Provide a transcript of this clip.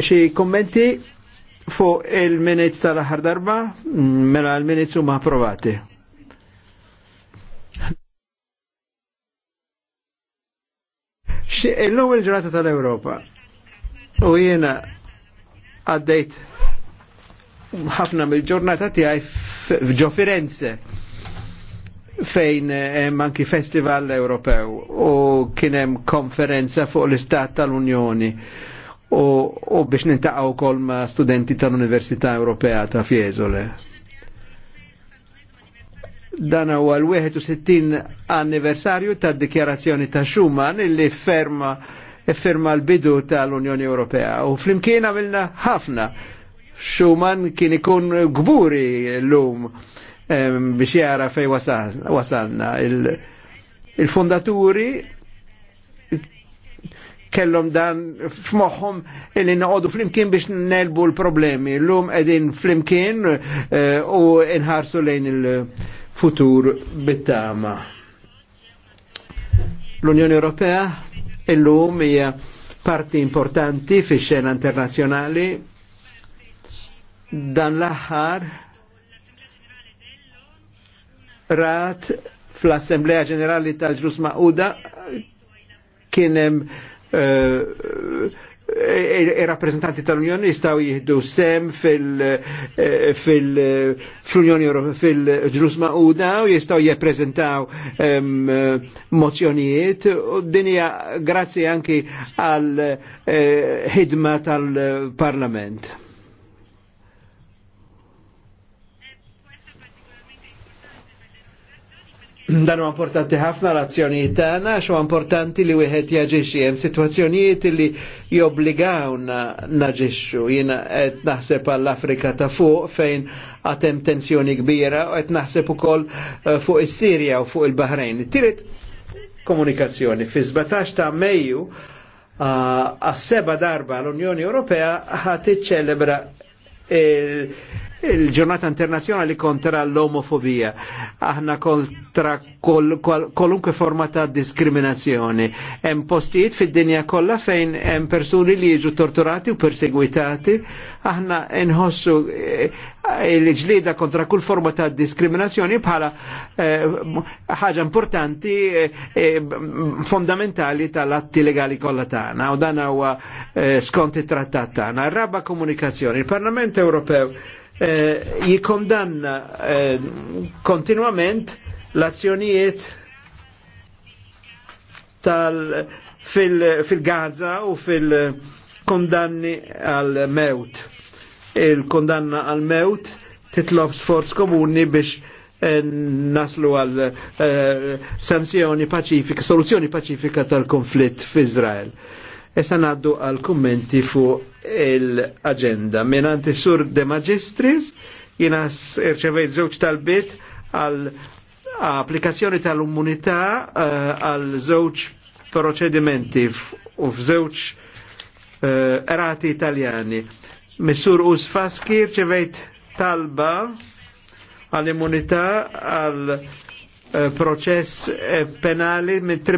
xi kommenti fuq il-minutes tal-aħħar darba, mm, mela l-minutes huma approvati. Illum il ġurata tal-Ewropa. U jiena għaddejt ħafna mill-ġurnata tiegħi ġo Firenze fejn eh, hemm anki festival Ewropew u kien hemm konferenza fuq l-istat tal-Unjoni u u biex nintaqaw kol ma studenti tal-Università Ewropea ta' Fiesole. Dan u għal 61 anniversarju ta' dikjarazzjoni ta' Schumann illi ferma ferma l-bidu tal-Unjoni Ewropea u flimkien għamilna ħafna. Schumann kien ikun gburi l-lum biex jara fej wasalna. Il-fondaturi kellom dan f'moħħom illi noqogħdu flimkien biex nelbu l-problemi. L-lum edin flimkien eh, u inħarsu lejn il-futur bittama. L-Unjoni Ewropea illum hija parti importanti fix xena internazjonali dan l-aħħar rat fl-Assemblea Ġenerali tal ġrus Maquda kien hemm i rappresentanti tal-Unjoni jistaw jihdu sem fil-Unjoni e, fil eh, ġlus Mauda u jistaw jeprezentaw ehm, mozzjonijiet u dinja grazzi anki għal eh, ħidma tal-Parlament. Dan huwa importanti ħafna l-azzjonijiet tagħna xo importanti li wieħed jaġixxi hemm sitwazzjonijiet li jobbligawna naġixxu. Jiena qed naħseb għall-Afrika ta' fuq fejn għad tensjoni kbira u qed naħseb ukoll eh, fuq is-Sirja u fuq il-Baħrejn. Tielet komunikazzjoni fi 17 ta' Mejju eh, għas-seba darba l-Unjoni Ewropea ħadd iċċelebra il-ġurnata internazjonali kontra l-omofobija. Aħna kontra kolunkwe forma ta' diskriminazzjoni. Hemm postijiet fid-dinja kollha fejn hemm persuni li jiġu torturati u perseguitati. Aħna nħossu eh, il-ġlida kontra kull forma ta' diskriminazzjoni bħala eh, ħaġa importanti eh, fondamentali tal-atti legali kollha tagħna u dan huwa skont it-trattat tagħna. Raba komunikazzjoni. Il-Parlament Ewropew Eh, jikondanna eh, kontinuament l-azzjonijiet fil-Gaza u fil-kondanni għal-mewt. Il-kondanna għal-mewt titlob sforz komuni biex eh, naslu għal sanzjoni paċifika, soluzzjoni paċifika tal-konflitt f'Izrael. Izrael. Issa naddu għal kummenti fuq l-agenda. Minant sur de magistris, jina irċevejt żewġ tal-bit għal applikazzjoni tal-immunità eh, għal żewġ proċedimenti u f'żewġ eh, erati italjani. Missur Faski rċevejt talba għal immunità eh, għal proċess penali minn